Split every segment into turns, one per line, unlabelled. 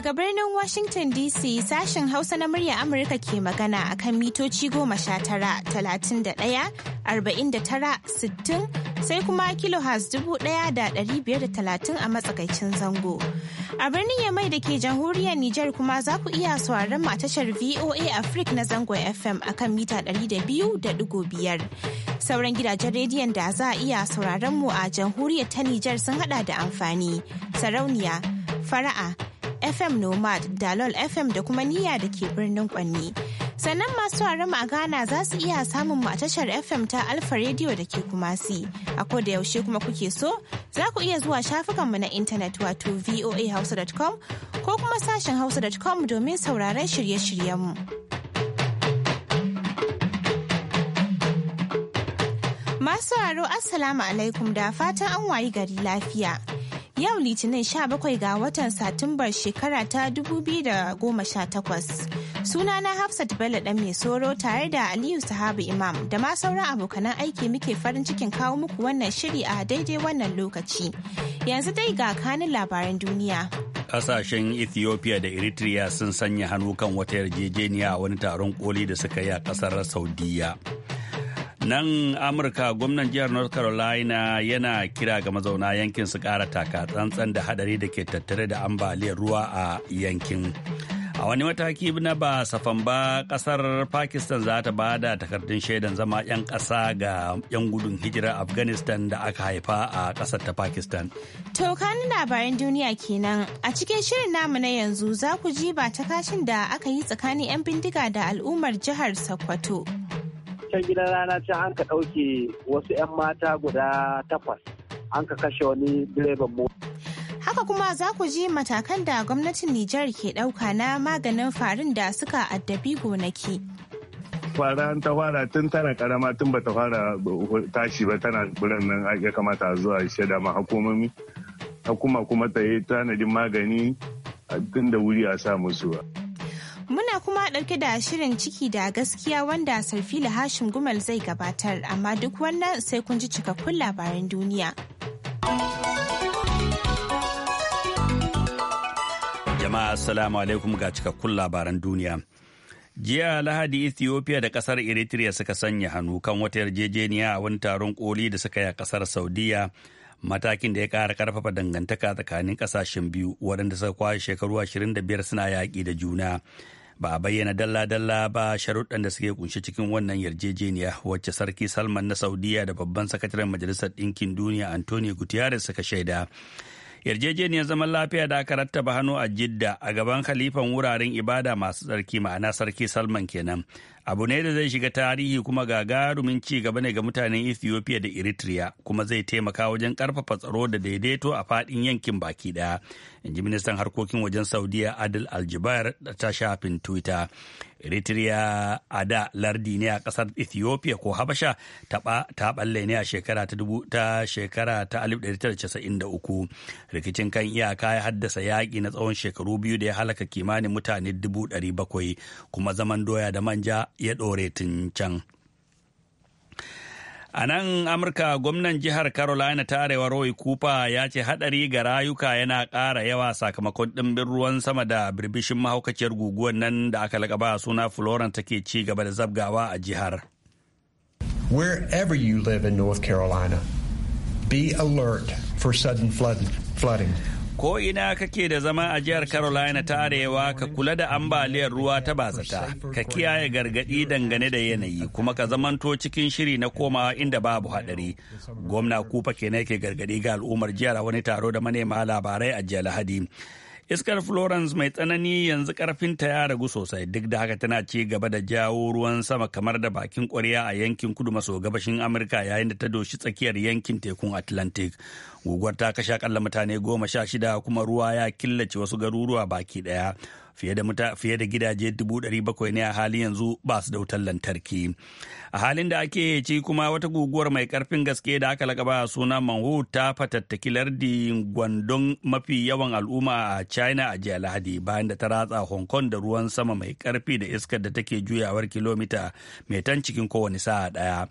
Daga birnin Washington DC sashen Hausa na murya Amurka ke magana a kan mitoci goma sha tara, talatin da ɗaya, arba'in da tara, sittin, sai kuma kilohas dubu ɗaya da ɗari biyar da talatin a matsakaicin zango. A birnin Yamai da ke jamhuriyar Nijar kuma za ku iya sauraron mu a tashar VOA Africa na zango FM a kan mita ɗari da biyu da ɗigo biyar. Sauran gidajen rediyon da za a iya sauraron mu a jamhuriyar ta Nijar sun haɗa da amfani, sarauniya, fara'a, FM Nomad, Dalol FM da kuma Niyya da ke birnin Kwanni. Sannan masu mu a Ghana za su iya samun mu a tashar FM ta Alfa Radio da ke Kumasi. A da yaushe kuma kuke so, za ku iya zuwa shafukanmu na intanet wato voahausa.com ko kuma sashen hausa.com domin sauraron shirye-shiryenmu. Masu sauraro Assalamu alaikum da fatan an wayi gari lafiya. Yau Litinin 17 ga watan Satumbar shekara ta 2018. na Hafsat Bello ɗan mai soro tare da Aliyu Sahabu Imam da ma sauran abokanan aiki muke farin cikin kawo muku wannan shiri a daidai wannan lokaci. Yanzu dai ga kanin labaran duniya.
Kasashen Ethiopia da Eritrea sun sanya hannu kan wata yarjejeniya a wani taron koli da suka yi a ƙasar Saudiya. nan amurka gwamnan jihar north carolina yana kira ga mazauna yankin su kara taka tsantsan da hadari da ke tattare da ambaliyar ruwa a yankin a wani mataki na ba safan ba kasar pakistan za ta bada takardun shaidan zama 'yan ƙasa ga 'yan gudun hijira afghanistan da aka haifa a ƙasar ta pakistan
to kani labaran duniya kenan a cikin shirin namu na yanzu za ku ji ba ta kashin da aka yi tsakanin 'yan bindiga da al'ummar jihar sokoto
can gidan rana can an ka ɗauke wasu 'yan mata guda takwas an ka kashe wani direban mota.
Haka kuma za ku ji matakan da gwamnatin Nijar ke ɗauka na maganin farin da suka addabi gonaki.
fara an ta fara tun tana karama tun ba ta fara tashi ba tana buran nan ya kamata a zuwa shaida ma hukumomi hukuma kuma ta yi tanadin magani tun da wuri a sa musu.
Muna kuma ɗauke da shirin ciki da gaskiya wanda Sarfila Hashim Gumal zai gabatar, amma duk wannan sai kun ji cikakkun labaran duniya.
Jama'a Assalamu alaikum ga cikakkun labaran duniya. Jiya Lahadi Ethiopia da kasar Eritrea suka sanya hannu kan wata yarjejeniya a wani taron koli da suka yi a kasar Saudiya. matakin da ya kara ƙarfafa dangantaka tsakanin ƙasashen biyu waɗanda suka kwashe shekaru 25 suna yaƙi da juna ba a bayyana dalla-dalla ba sharuɗan da suke kunshe cikin wannan yarjejeniya wacce sarki salman na saudiya da babban sakataren majalisar ɗinkin duniya antonio guterres suka shaida yarjejeniyar zaman lafiya da aka rattaba hannu a jidda a gaban khalifan wuraren ibada masu tsarki ma'ana sarki salman kenan abu ne da zai shiga tarihi kuma gagarumin ci gaba ne ga mutanen ethiopia da eritrea kuma zai taimaka wajen karfafa tsaro da daidaito a fadin yankin baki daya in ji ministan harkokin wajen saudiya adil aljibar ta shafin twitter Eritrea a da lardi ne a ƙasar Ethiopia ko Habasha ta balle ne a shekara ta ta 1993. Rikicin kan iyaka ya haddasa yaƙi na tsawon shekaru biyu da ya halaka kimanin mutane 700, kuma zaman doya da manja ya ɗore tun can. A nan Amurka gwamnan jihar Carolina ta Arewa Roy Cooper ya ce hadari ga rayuka yana ƙara yawa sakamakon ɗimbin ruwan sama da birbishin mahaukaciyar guguwar nan da aka lakaba suna Florence take ci gaba da zabgawa a jihar.
Wherever you live in North Carolina, be alert for sudden flooding.
ko ina kake da zama a jihar Carolina ta arewa ka kula da ambaliyar ruwa ta bazata, ka kiyaye gargadi dangane da yanayi kuma ka zamanto cikin shiri na komawa inda babu hadari. Gwamna Kufa kena yake gargadi ga al'ummar jihar wani taro da manema labarai a jiya Lahadi. iskar florence mai tsanani yanzu karfin ta ya ragu sosai duk da haka tana ci gaba da jawo ruwan sama kamar da bakin ƙwarya a yankin kudu maso gabashin amurka yayin da ta doshi tsakiyar yankin tekun atlantic guguwar ta kashe akalla mutane goma sha shida kuma ruwa ya killace wasu garuruwa baki daya fiye da gidaje dubu ɗari bakwai ne a hali yanzu ba su da wutar lantarki a halin da ake ci kuma wata guguwar mai karfin gaske da aka lakaba suna manhu ta fatattaki lardi gwandon mafi yawan al'umma a china a jiya lahadi bayan da ta ratsa hong kong da ruwan sama mai karfi da iskar da take juyawar kilomita mai tan cikin kowane sa'a daya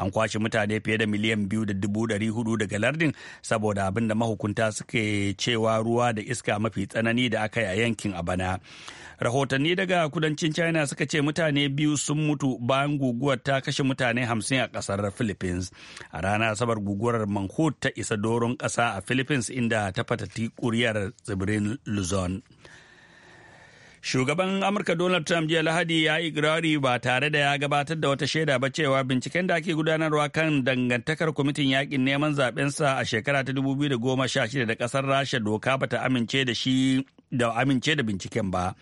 an kwashe mutane fiye da miliyan biyu da dubu ɗari hudu daga lardin saboda abin da mahukunta suke cewa ruwa da iska mafi tsanani da aka yi a yankin a bana rahotanni daga kudancin china suka ce mutane biyu sun mutu bayan guguwar ta kashe mutane hamsin a kasar philippines a rana asabar guguwar manhut ta isa doron ƙasa a philippines inda ta fatati kuriyar tsibirin luzon Shugaban Amurka Donald Trump jiya Lahadi ya yi girari ba tare da ya gabatar da wata shaida ba cewa binciken da ake gudanarwa kan dangantakar kwamitin yakin neman zaɓensa a shekara ta 2016 da kasar Rasha doka bata amince da shi da amince da binciken ba.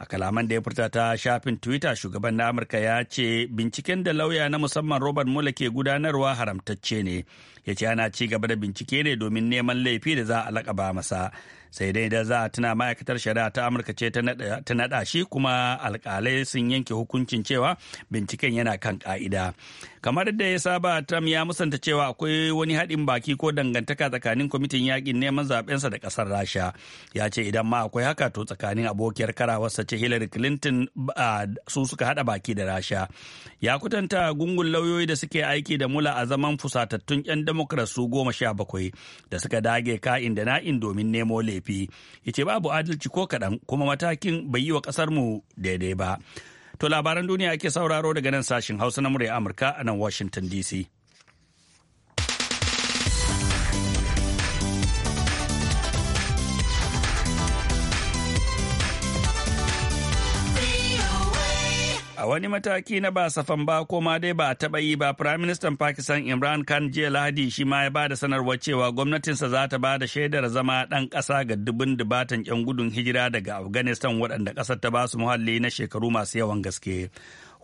A kalaman da ya furta ta shafin Twitter shugaban na Amurka ya ce binciken da lauya na musamman Robert Mueller ke gudanarwa haramtacce ne. Ya ce ana ci gaba da bincike ne domin neman laifi da za a laƙaba masa. sai dai da za a tuna ma'aikatar shari'a ta amurka ce ta naɗa shi kuma alkalai sun yanke hukuncin cewa binciken yana kan ka'ida kamar da ya saba tam ya musanta cewa akwai wani haɗin baki ko dangantaka tsakanin kwamitin yakin neman zaɓensa da ƙasar rasha ya ce idan ma akwai haka to tsakanin abokiyar karawarsa ce hillary clinton su suka haɗa baki da rasha ya kutanta gungun lauyoyi da suke aiki da mula a zaman fusatattun 'yan demokrat su goma sha bakwai da suka dage ka'in da na'in domin nemo laifi laifi ya ce babu adalci ko kaɗan kuma matakin bai yi wa ƙasarmu daidai ba to labaran duniya ake sauraro daga nan sashen hausa na murya amurka a nan washington dc A wani mataki na ba safan ba ko ma dai ba taɓa yi ba Firaministan Pakistan Imran Khan jiya Lahadi shi ma ya ba da sanarwar cewa gwamnatinsa za ta ba da shaidar zama ɗan ƙasa ga dubun dubatan 'yan gudun hijira daga Afghanistan waɗanda ƙasar ta ba su muhalli na shekaru masu yawan gaske.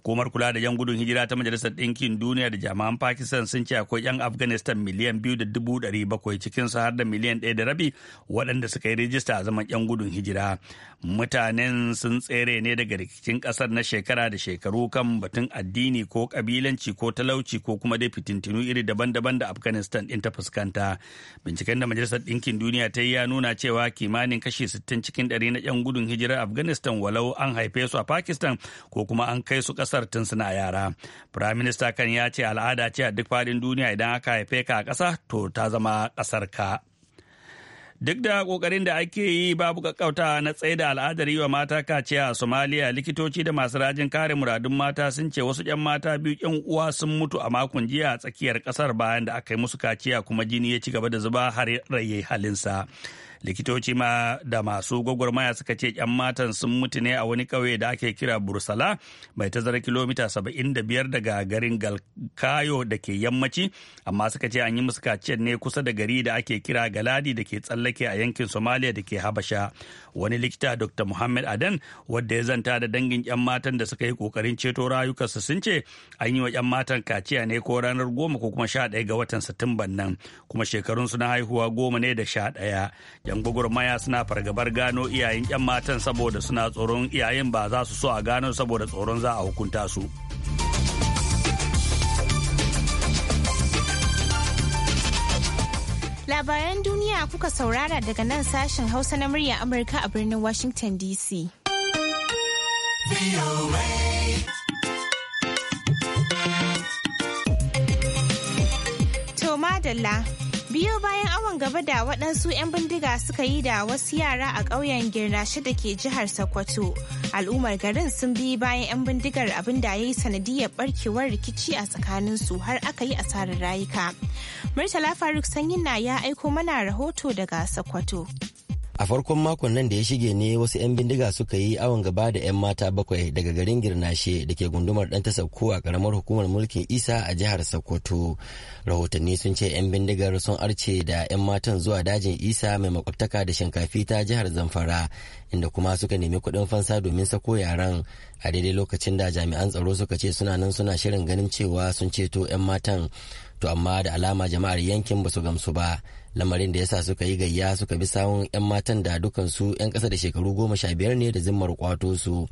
hukumar kula da yan gudun hijira ta majalisar ɗinkin duniya da jami'an pakistan sun ce akwai yan afghanistan miliyan biyu da dubu ɗari bakwai cikin su har da miliyan ɗaya da rabi waɗanda suka yi rijista a zaman yan gudun hijira mutanen sun tsere ne daga rikicin ƙasar na shekara da shekaru kan batun addini ko ƙabilanci ko talauci ko kuma dai fitintinu iri daban-daban da afghanistan ɗin ta fuskanta binciken da majalisar ɗinkin duniya ta yi ya nuna cewa kimanin kashi 60 cikin ɗari na yan gudun hijirar afghanistan walau an haife su a pakistan ko kuma an kai su ƙasar kasar tun suna yara prime minister kan ya ce al'ada ce a duk faɗin duniya idan aka haife ka a ƙasa to ta zama ƙasar ka Duk da kokarin da ake yi babu kakauta na tsaye da al'adar yi wa mata kaciya a Somalia likitoci da masu rajin kare muradun mata sun ce wasu 'yan mata biyu 'yan uwa sun mutu a makon jiya a tsakiyar ƙasar bayan da aka yi musu kaciya kuma jini ya ci gaba da zuba har raye halinsa. likitoci ma da masu gwagwarmaya suka ce 'yan matan sun mutu ne a wani ƙauye da ake kira bursala mai tazara kilomita 75 daga garin galkayo da ke yammaci amma suka ce an yi musu kaciyar ne kusa da gari da ake kira galadi da ke tsallake a yankin somaliya da ke habasha wani likita dr muhammad adan wadda ya zanta da dangin 'yan matan da suka yi kokarin ceto rayukansu sun ce an yi wa 'yan matan kaciya ne ko ranar goma ko kuma sha ɗaya ga watan satumban nan kuma shekarunsu na haihuwa goma ne da sha ɗaya 'yan gwagwarmaya suna fargabar gano iyayen 'yan matan saboda suna tsoron iyayen ba za su so a gano saboda tsoron za a hukunta su
labaran duniya kuka saurara daga nan sashen hausa na murya amurka a birnin washington dc to madalla biyo bayan awon gaba da waɗansu 'yan bindiga suka yi da wasu yara a ƙauyen girnashe da ke jihar sokoto al'ummar garin sun bi bayan 'yan bindigar abin da ya yi sanadiyar barkewar rikici a tsakaninsu har aka yi asarar rayuka murtala faruk sanyin na ya aiko mana rahoto daga sokoto
a farkon makon nan da ya shige ne wasu 'yan bindiga suka yi awon gaba da 'yan mata bakwai daga garin girnashe da ke gundumar dan ta sauko a karamar hukumar mulkin isa a jihar sokoto rahotanni sun ce 'yan bindigar sun arce da 'yan matan zuwa dajin isa mai makwabtaka da shinkafi ta jihar zamfara inda kuma suka nemi kuɗin fansa domin sako yaran a daidai lokacin da jami'an tsaro suka ce suna nan suna shirin ganin cewa sun ceto 'yan matan to amma da alama jama'ar yankin ba su gamsu ba lamarin da yasa suka yi gayya suka bi sawun 'yan matan da dukansu 'yan kasa da shekaru goma sha biyar ne da zimmar kwato su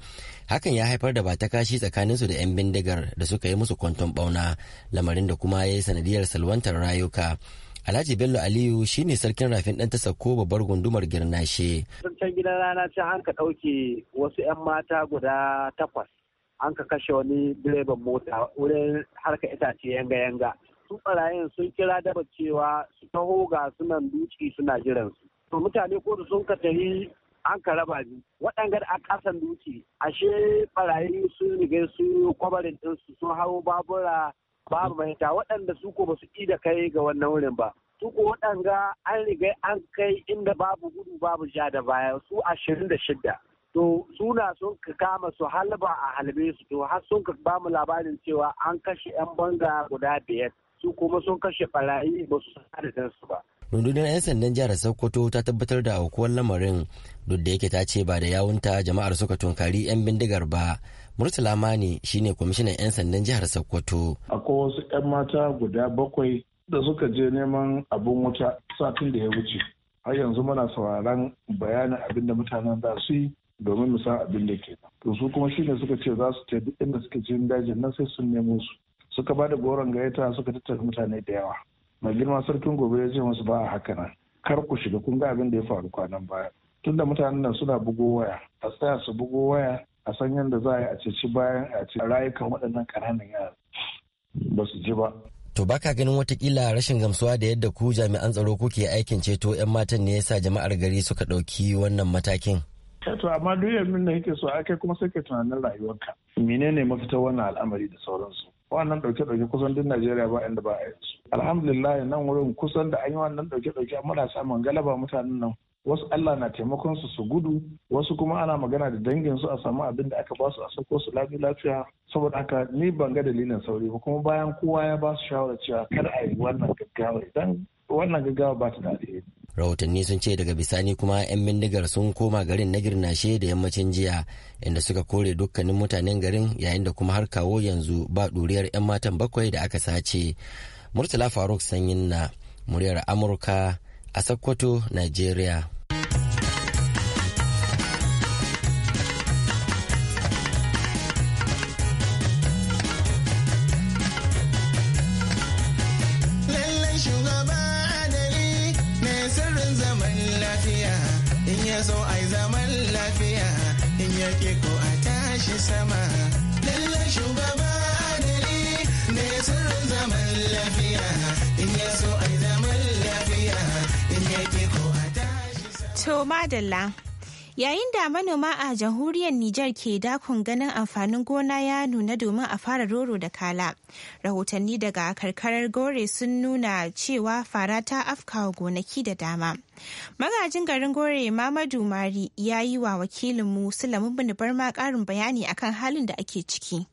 hakan ya haifar da batakashi kashi tsakaninsu da 'yan bindigar da suka yi musu kwanton bauna lamarin da kuma ya yi sanadiyar salwantar rayuka Alhaji Bello Aliyu shine sarkin rafin ɗan ta sako babbar gundumar girnashe.
Can gidan rana ce an ka ɗauke
wasu 'yan mata guda takwas an ka kashe wani direban mota
wurin harka itace
yanga-yanga. su barayin sun kira daba cewa su taho ga sunan duci suna jiran su to mutane ko da sun katari an ka raba biyu waɗanda a ƙasan duci ashe barayi sun riga su kwabarin ɗinsu sun hau babura babu mahita waɗanda su ko ba su da kai ga wannan wurin ba su ko waɗanda an riga an kai inda babu gudu babu ja da baya su ashirin da shidda to suna sun ka kama su halba a halbe su to har sun ka bamu labarin cewa an kashe 'yan banga guda biyar su kuma sun kashe barayi ba su san su ba
rundunar 'yan sandan jihar sokoto ta tabbatar da aukuwar lamarin duk da yake ta ce ba da yawunta jama'ar suka tunkari 'yan bindigar ba murtala mani shine kwamishinan 'yan sandan jihar sokoto
akwai wasu 'yan mata guda bakwai da suka je neman abin wuta satin da ya wuce har yanzu muna sauraron bayanin abin da mutanen za su yi domin mu san abin da ke to su kuma shine suka ce za su ce duk inda suke cikin dajin nan sai sun nemo su suka ba da goron gayyata suka tattara mutane da yawa mai girma sarkin gobe ya ce musu ba a haka nan kar ku shiga kun ga abin da ya faru kwanan baya tunda mutanen nan suna bugo waya a tsaya su bugo waya a san yadda za a yi a ceci bayan a ce rayukan waɗannan ƙananan yara
ba su ji ba to baka ganin watakila rashin gamsuwa da yadda ku jami'an tsaro kuke aikin ceto 'yan matan ne yasa jama'ar gari suka ɗauki wannan matakin
eh, to amma duk yanzu da yake so a kai kuma sai ka tunanin rayuwarka menene mafita wannan al'amari da sauransu wannan dauke-dauke kusan duk najeriya ba inda ba a yi alhamdulillah nan wurin kusan da an yi wannan dauke-dauke muna samun galaba mutanen nan wasu allah na taimakon su su gudu wasu kuma ana magana da dangin su a samu abin da aka ba su a sako su lafi lafiya saboda haka ni ban ga dalilin sauri ba kuma bayan kowa ya ba su shawara cewa kar a yi wannan gaggawa idan wannan gaggawa ba ta
da alheri rahotanni sun ce daga bisani kuma 'yan bindigar sun koma garin na girnashe da yammacin jiya inda suka kore dukkanin mutanen garin yayin da kuma har kawo yanzu ba ɗuriyar 'yan matan bakwai da aka sace murtala faruk sanyin na muryar amurka a sokoto nigeria so ai zaman lafiya in yake ko a tashi sama lallai shugaba adali ne sirrin zaman lafiya in ya so ai zaman lafiya
in yake ko a tashi
sama to madalla Yayin da manoma a jamhuriyar Nijar ke dakon ganin amfanin gona ya nuna domin a fara roro da kala. Rahotanni daga karkarar gore sun nuna cewa fara ta afkawa gonaki da dama. Magajin garin gore Mamadu Mari ya yi wa wakilinmu Sulamun Barma karin bayani akan halin da ake ciki.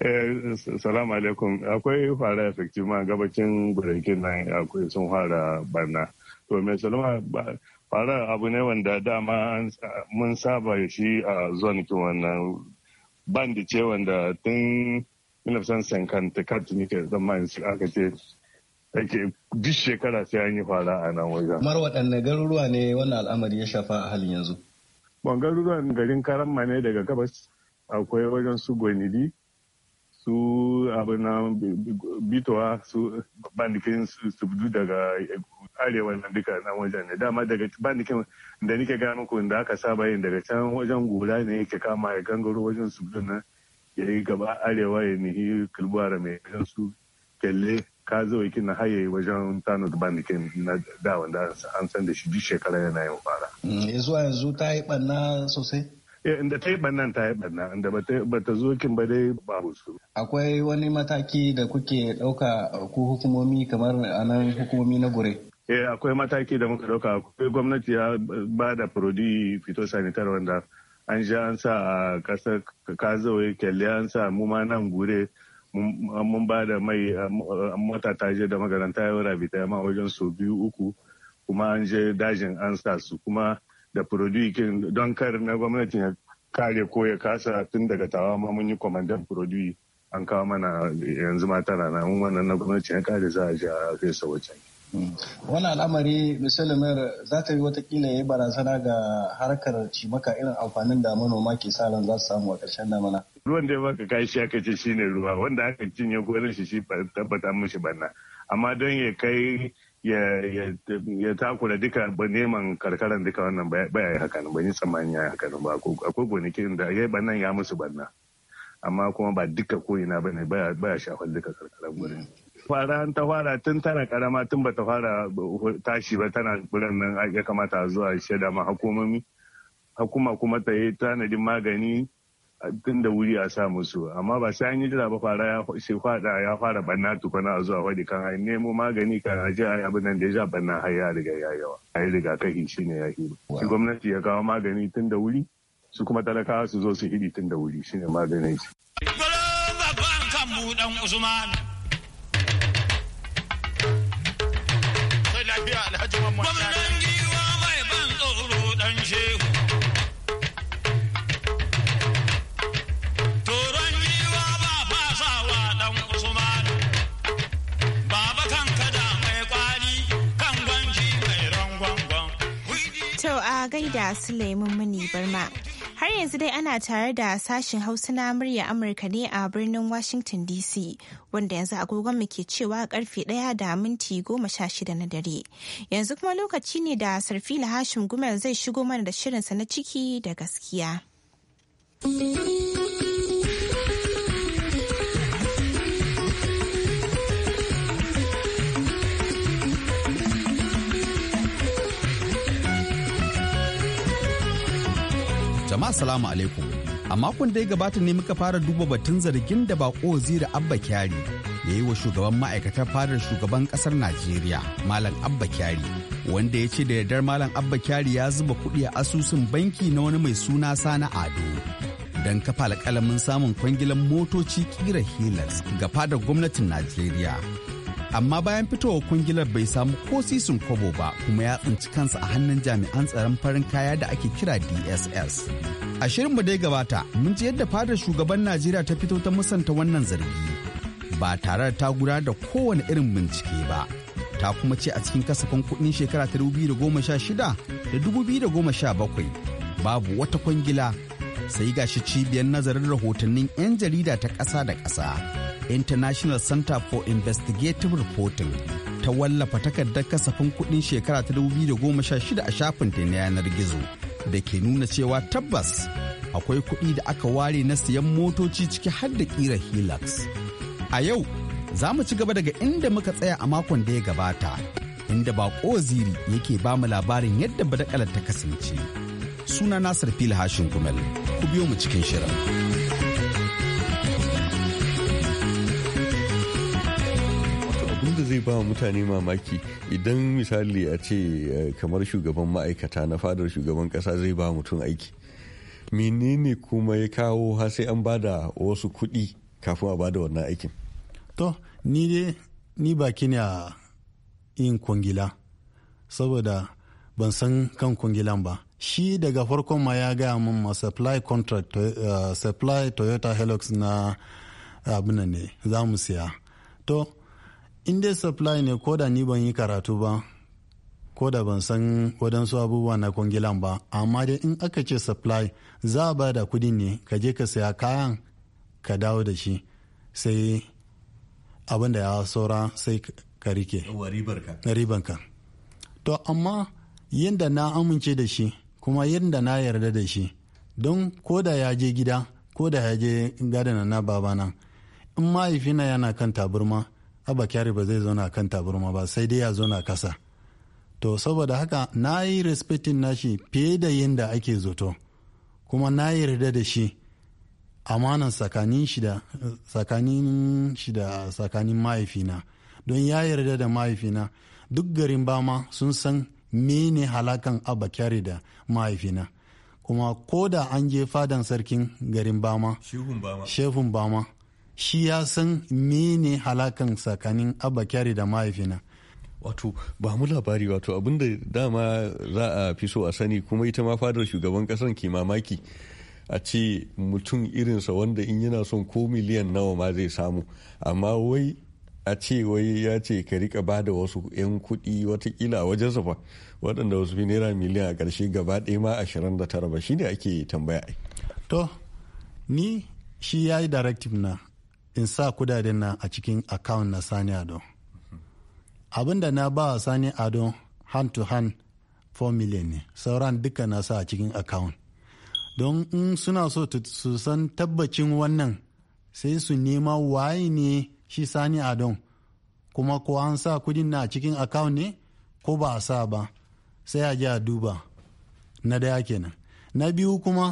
Eh, salamu alaikum akwai fara effective gabacin burakin nan akwai sun fara barna to mai salama fara abu ne wanda dama mun saba shi a zon ki wannan bandi ce wanda tun 1954 nike zama aka ce ake duk shekara sai an yi fara a nan wajen. Mar
waɗanne garuruwa ne wannan al'amari ya shafa a halin yanzu?
Ban garuruwan garin Karamma ne daga gabas akwai wajen su gwanidi su abin na bitowa su bandikin su fito daga eh, arewa na duka na wajen ne dama daga bandikin da nike gano ko da aka saba yin daga can wajen gula ne yake kama ya gangaro wajen su fito nan ya yi gaba arewa ya nihi kilbuwara mai wajen su kelle ka zo yake na haye wajen da bandikin na dawanda an san da shi duk shekara yana yin fara. Mm, yanzu a yanzu ta yi sosai. Eh, inda ta yi bannan ta yi bannan inda ba ta zo kin ba dai ba. su. Akwai wani
mataki da kuke ɗauka ku hukumomi kamar anan hukumomi na gure?
Eh akwai mataki da muka ɗauka akwai gwamnati ya ba da furodi fitosanitar wanda an sha an sa a ƙasar kazawai kyalle an sa mu ma nan gure mun ba da mai eh, mota ta je da makaranta yau ta ma wajen sau biyu uku kuma an je dajin an sa su kuma da produce don kar na gwamnati ya kare ko ya kasa tun daga tawa ma mun yi kwamandan produce an kawo mana yanzu ma tana na mun wannan na gwamnati ya kare za a ji a fesa wajen.
Hmm. wani
al'amari misali mayar za ta yi watakila ya yi barazana ga harkar cimaka irin amfanin
da manoma ke sa ran za su samu a ƙarshen damana.
ruwan da ya baka kai shi aka ce shine ruwa wanda aka cinye gonar shi shi tabbata mishi banna amma don ya kai ya takura duka ba neman karkaran duka wannan ba ya yi haka ba yi tsammani ya yi haka ba akwai gonakin da ya yi bannan ya musu banna amma kuma ba duka ko'ina ba ne ba ya shafar duka karkaran gurin fara ta fara tun tana karama tun ba ta fara tashi ba tana gurin nan ya kamata zuwa shaida ma hukumomi hukuma kuma ta yi tanadin magani tun da wuri a sa musu amma ba sai an yi jira ba fara ya shi fada ya fara banna tukuna a zuwa wadi kan hanyar nemo magani kan aje a abin nan da ya banna har ya riga ya yawa a yi riga kai shine ya hiru shi gwamnati ya kawo magani tun da wuri su kuma talakawa su zo su hidi tun da wuri ne maganin shi
Gwamnati
Suleiman mani Barma. Har yanzu dai ana tare da sashen Hausa na murya Amurka ne a birnin Washington DC wanda yanzu agogon mu ke cewa karfe ɗaya da minti goma sha shida na dare. Yanzu kuma lokaci ne da Sarfila Hashim Gumel zai shigo mana da shirinsa na ciki da gaskiya.
jama'a salamu alaikum a makon da ya gabata ne muka fara duba batun zargin da bako wazir abba kyari ya yi wa shugaban ma'aikatar fadar shugaban kasar najeriya malam abba kyari wanda ya ce da yardar malam abba kyari ya zuba kuɗi a asusun banki na wani mai suna sana ado don kafa alƙalamin samun kwangilan motoci ƙira hilas ga fadar gwamnatin najeriya amma bayan fitowa kungilar bai samu ko sisin kwabo ba kuma ya tsinci kansa a hannun jami'an tsaron farin kaya da ake kira dss a shirinmu dai gabata mun ji yadda fadar shugaban najeriya ta fito ta musanta wannan zargi ba tare da ta gudanar da kowane irin bincike ba ta kuma ce a cikin kasafin kudin shekara ta 2016 da 2017 babu wata kwangila sai gashi cibiyar nazarin rahotannin 'yan jarida ta ƙasa da ƙasa international center for investigative reporting ta wallafa takardar kasafin kudin shekara ta 2016 a ta na yanar gizo da ke nuna cewa tabbas akwai kuɗi da aka ware na siyan motoci ciki har da ƙira hilux a yau za mu ci gaba daga inda muka tsaya a makon da ya gabata inda ba ziri yake ba mu labarin yadda badakalar ta kasance suna nasir fil hashin gumel ku biyo mu cikin shirin
zai ba mutane mamaki idan misali a ce eh, kamar shugaban ma'aikata na fadar shugaban kasa zai ba mutum aiki menene kuma ya kawo har sai an bada wasu kuɗi kafin a bada wannan aikin
to ni dai ni baki ne a yin kwangila saboda ban san kan kwangilan ba shi daga farkon ma ya gaya min ma supply contract uh, supply toyota helix na abinan ne za mu siya to in dai supply ne ko da ni ban yi karatu ba ko da ban san wadansu abubuwa na kwangilan ba amma dai in aka ce supply za a ba da kudin ne ka je ka saya kayan ka dawo da shi sai abin da ya saura sai ka rike ribanka to amma yadda na amince da shi kuma yadda na yarda da shi don ko da ya je gida ko da ya je gadana na babana in mahaifina yana kan taburma abba kyari ba zai zauna kan taburma ba sai dai ya zauna kasa to saboda haka na yi respectin nashi fiye da yadda ake zoto kuma na yarda da shi amanan tsakanin shida tsakanin da tsakanin mahaifina don ya yarda da mahaifina duk garin bama sun san mene halakan abba kyari da mahaifina kuma ko da an je fadan sarkin garin bama shehun bama shi ya san mene halakan tsakanin abakari da mahaifina wato ba mu labari wato
abin da dama za a fi so a sani kuma ita ma fadar shugaban kasan ke mamaki a ce mutum irinsa wanda in yana son ko miliyan nawa ma zai samu amma wai a ce wai ya ce ka rika ba da wasu 'yan kuɗi watakila wajen fa waɗanda wasu fi naira miliyan a ƙarshe gaba ɗaya ma ashirin da tara ba shine ake tambaya
to ni shi ya yi directive na in sa kudaden nan a cikin account na sani ado abin da na ba wa sani ado hand to hand 4 million ne sauran duka na sa a cikin account don in suna so su san tabbacin wannan sai su nema waye ne shi sani ado kuma ko an sa kudin na cikin account ne ko ba a sa ba sai a a duba na daya kenan na biyu kuma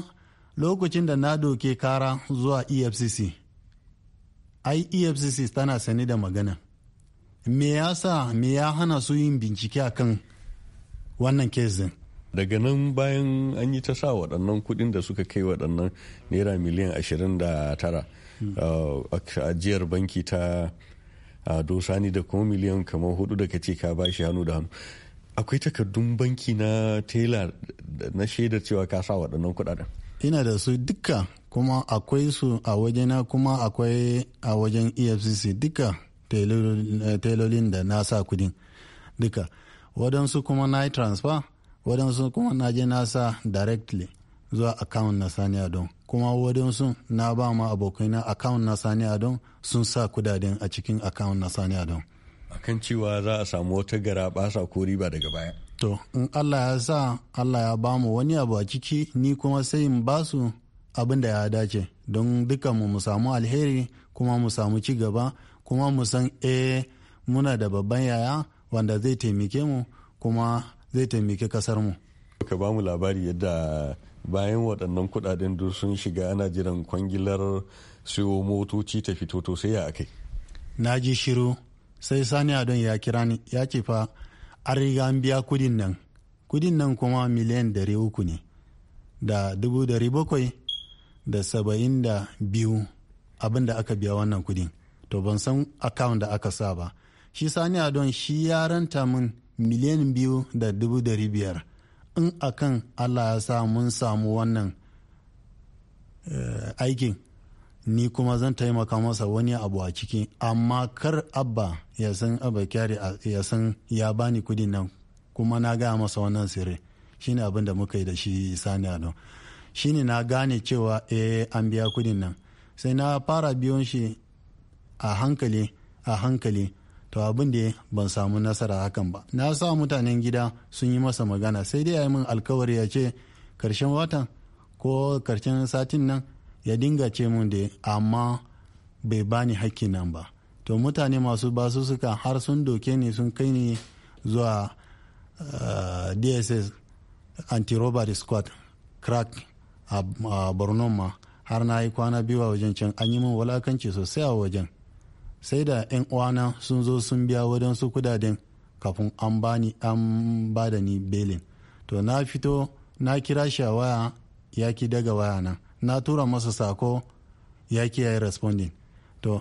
lokacin da na doke kara zuwa efcc ai efcc tana sani da magana me ya sa me ya hana su yin bincike akan wannan kes din
daga nan bayan an yi ta sa waɗannan kuɗin da suka kai waɗannan naira miliyan 29 hmm. uh, a ajiyar banki ta dosani da kuma miliyan kamar hudu da ka ce ka bashi hannu da hannu akwai takardun banki na tela na shaidar cewa ka sa waɗannan kuɗaɗen
ina da su dukka kuma akwai su a wajena kuma akwai a wajen efcc duka telolin eh, da na sa kudin duka waɗansu kuma na yi transfer waɗansu kuma na je na sa directly zuwa account na sani adon kuma waɗansu na ba ma abokaina account na sani adon sun sa kudaden a cikin account na sani adon
akan cewa za a samu wata gara ba sa ko riba daga baya
to in allah ya sa allah ya ba mu wani abu a ciki ni kuma sai in basu abin da ya dace don dukanmu mu samu alheri kuma mu samu ci gaba kuma mu san eh muna da babban yaya wanda zai taimake mu kuma zai taimake kasar mu
ka ba mu labari yadda bayan waɗannan kuɗaɗen duk sun shiga ana jiran kwangilar siyo motoci ta fito to sai ya akai
na ji shiru sai sani adon ya kira ni ya ce fa an riga an biya kudin nan kudin nan kuma miliyan dari uku ne da dubu dari bakwai da saba'in da biyu abin da aka biya wannan kudin to ban san account da aka sa ba shi sani adon shi ya ranta min miliyan biyu da dubu dari biyar in akan allah ya sa mun samu wannan eh, aikin ni kuma zan taimaka masa wani abu a ciki amma kar abba ya san abba kyari ya san ya bani kudin nan kuma na gaya masa wannan sirri shine abin da muka yi da shi sani adon shine na gane cewa eh an biya kudin nan sai na fara biyon shi a hankali a hankali to abin da ban samu nasara hakan ba na sa mutanen gida sun yi masa magana sai dai yi min alkawari ya ce karshen watan ko karshen satin nan ya dinga ce min da amma bai bani hakki nan ba to mutane masu basu suka har sun doke ni sun kai ni zuwa eh, dss anti-robbery squad crack a borno ma har na yi kwana biyu a wajen can an yi min walakanci sosai a wajen sai da 'yan uwana sun zo sun biya wadansu kudaden kafin an bani an ba da ni belin to na fito na kira shi a waya ya ki daga waya na na tura masa sako ya ki ya yi responding to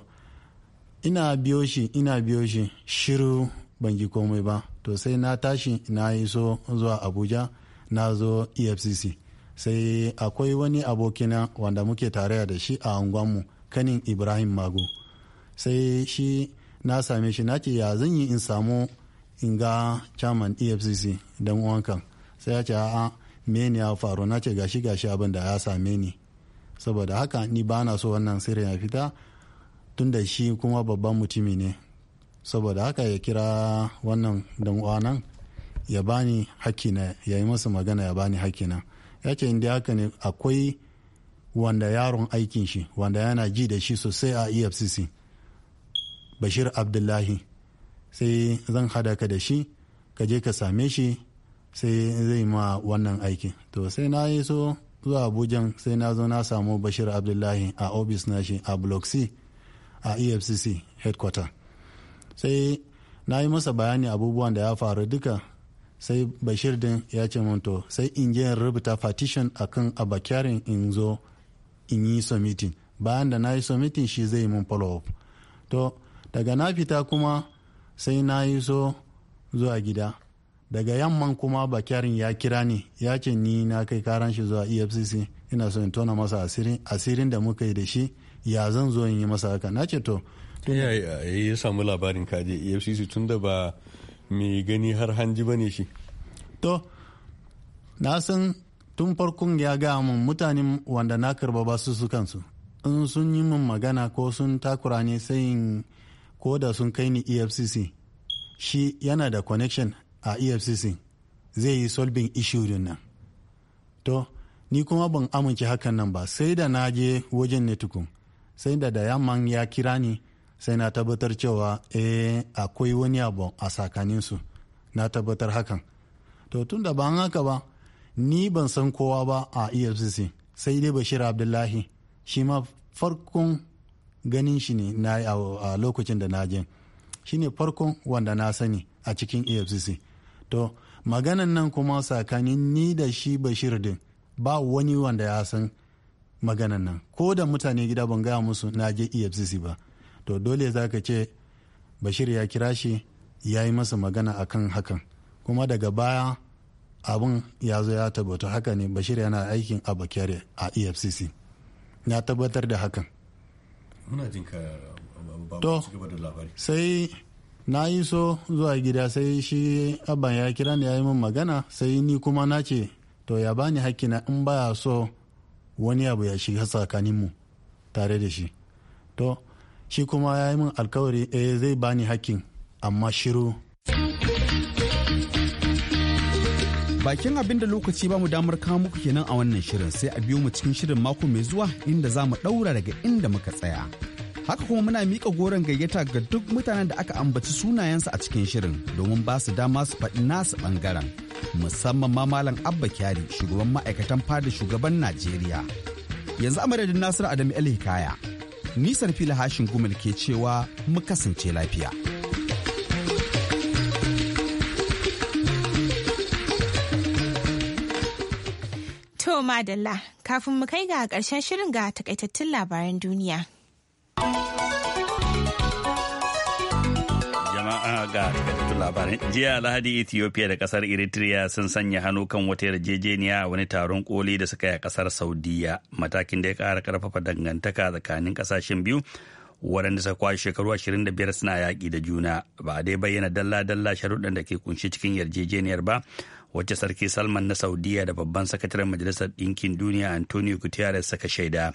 ina biyo shi ina biyo shi shiru ban ji komai ba to sai na tashi na yi iso zuwa abuja na zo efcc sai akwai wani abokina wanda muke tare da shi a unguwanmu kanin ibrahim mago sai shi na same shi na ce ya zan yi in samu in ga chairman efcc don wankan sai ya ce a'a mene ya faru na ce gashi gashi abin da ya same ni saboda haka ni ba na so wannan sirri ya fita tun da shi kuma babban mutumi ne saboda haka ya kira wannan dan nan ya bani hakkina ya yi masa magana ya bani hakkina yake in inda haka ne akwai wanda yaron aikin shi wanda yana ji da shi sosai a efcc bashir abdullahi sai zan hada ka da shi ka je ka same shi sai zai ma wannan aikin to sai na yi so zuwa abuja sai na zo na samu bashir abdullahi a ofis na shi a block c a efcc headquarter sai na yi masa bayani abubuwan da ya faru duka sai bashir din ya ce to sai in je in rubuta partition kan abakarin in zo in yi submitting bayan da na yi submitting shi zai mun follow up to daga na fita kuma sai na yi so zuwa gida daga yamman kuma bakarin ya kira ni ya ce ni na kai karan shi zuwa efcc ina so in tona masa asirin asirin da muka yi da shi ya zan zo in yi masa haka na ce to
ya samu labarin kaje efcc tun da ba mai gani har hanji ba ne shi
to na san tun farkon ya gaya min mutanen wanda na karba ba su su kansu in sun yi min magana ko sun takura ne sayin ko da sun kai ni efcc shi yana da connection a efcc zai yi solving issue din nan to ni kuma ban amince hakan nan ba sai da na je wajen ne tukun sai da da yamman ya kira ni sai na tabbatar cewa eh akwai wani abu a sakaninsu na tabbatar hakan to tun da ba haka ba ni ban san kowa ba a efcc sai dai bashir abdullahi shi ma farkon ganin shi ne na a lokacin da na je shi ne farkon wanda na sani a cikin efcc to maganan nan kuma tsakanin ni da shi bashir din ba wani wanda ya san maganan nan ko da mutane gida ban gaya musu na je efcc ba to dole za ka ce bashir ya kira shi ya yi masa magana akan hakan kuma daga baya abin ya zo ya tabbata haka ne bashir yana aikin a bakere a efcc ya tabbatar da hakan to sai na yi so zuwa gida sai shi abban ya kira ni ya yi min magana sai ni kuma na ce to ya bani na in baya so wani abu ya shiga tsakaninmu tare da shi to shi kuma ya yi min alkawari eh zai bani hakkin amma shiru
bakin abin da lokaci ba mu damar kawo muku kenan a wannan shirin sai a biyo mu cikin shirin mako mai zuwa inda za mu daura daga inda muka tsaya haka kuma muna mika goron gayyata ga duk mutanen da aka ambaci sunayensu a cikin shirin domin ba su dama su faɗi nasu ɓangaren musamman ma malam abba kyari shugaban ma'aikatan fada shugaban najeriya yanzu a madadin nasiru adamu el hikaya nisan fila hashin gumal ke cewa mu kasance lafiya.
To madalla kafin mu kai ga ƙarshen shirin ga takaitattun labaran duniya.
Jama'a ga labarai. Jiya Lahadi Ethiopia da kasar Eritrea sun sanya hannu kan wata yarjejeniya a wani taron koli da suka yi a kasar Saudiya. Matakin da ya kara karfafa dangantaka tsakanin kasashen biyu waɗanda suka kwashe shekaru 25 suna yaƙi da juna. Ba a dai bayyana dalla-dalla sharuɗan da ke kunshi cikin yarjejeniyar ba. Wacce sarki Salman na Saudiya da babban sakataren Majalisar Ɗinkin Duniya Antonio Guterres suka shaida.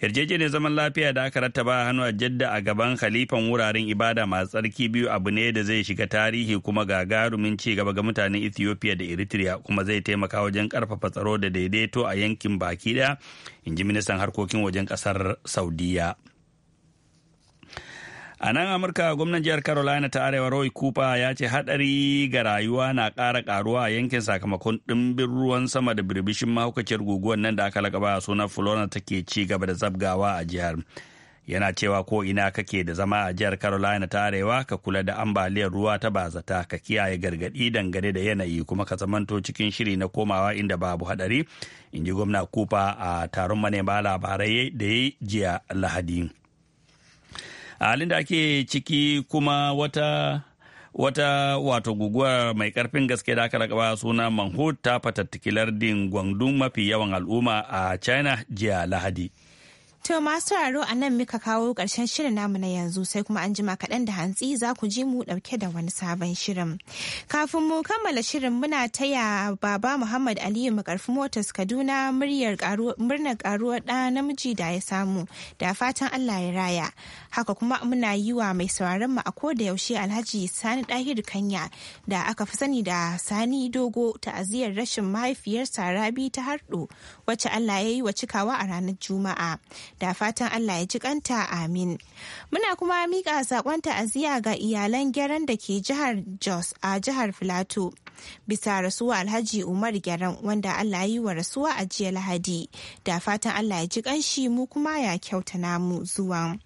yarjejeniyar zaman lafiya da aka rattaba hannu a jadda a gaban khalifan wuraren ibada masu tsarki biyu abu ne da zai shiga tarihi kuma gagarumin ci gaba ga mutanen ethiopia da eritrea kuma zai taimaka wajen karfafa tsaro da daidaito a yankin baki daya in ji ministan harkokin wajen kasar saudiya A nan Amurka gwamnan jihar Carolina ta Arewa Roy Cooper ya ce hadari ga rayuwa na kara ƙaruwa a yankin sakamakon ɗimbin ruwan sama da birbishin mahaukaciyar guguwar nan da aka lakaba a sunan Florida take ci gaba da zabgawa a jihar. Yana cewa ko ina kake da zama a jihar Carolina ta Arewa ka kula da ambaliyar ruwa ta bazata ka kiyaye gargaɗi dangane da yanayi kuma ka zamanto cikin shiri na komawa inda babu hadari, in ji gwamna Cooper a taron manema labarai da ya jiya Lahadi. a halin da ake ciki kuma wata wata wato guguwar mai karfin gaske da aka rakaba suna manhut ta fatattakilar din gwangdun mafi yawan al'umma a china jiya lahadi
To masu raro a nan muka kawo ƙarshen shirin namu na yanzu sai kuma an jima kaɗan da hantsi za ku ji mu ɗauke da wani sabon shirin. Kafin mu kammala shirin muna taya baba Muhammad Aliyu makarfi motas Kaduna muryar murnar ƙaruwar ɗa namiji da ya samu da fatan Allah ya raya. Haka kuma muna yi wa mai sauraron mu a ko da yaushe Alhaji Sani dahir Kanya da aka fi sani da Sani Dogo ta'aziyar rashin mahaifiyarsa Rabi ta harɗo wacce Allah ya yi wa cikawa a ranar Juma'a. da fatan Allah ya ji kanta amin. Muna kuma miƙa saƙon ta'aziyya ga iyalan gyaran da ke jihar Jos a jihar Filato. Bisa rasuwa Alhaji Umar Gyaran wanda Allah yi wa rasuwa a jiya Lahadi. Da fatan Allah ya ji kanshi mu kuma ya kyauta namu zuwa.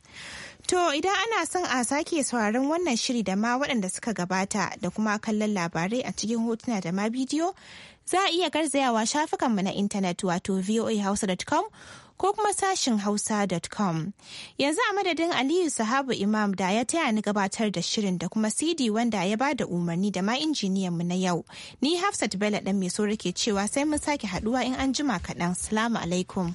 To idan ana son a sake sauraron wannan shiri da ma waɗanda suka gabata da kuma kallon labarai a cikin hotuna da ma bidiyo za a iya garzayawa shafukanmu na intanet wato voahausa.com ko kuma sashin hausa.com. Yanzu a madadin Aliyu Sahabu Imam da ya taya ni gabatar da shirin da kuma CD wanda ya ba da umarni da ma injiniyanmu na yau. Ni Hafsat Bello dan mai so rike cewa sai mun sake haduwa in an jima kaɗan. Salamu alaikum.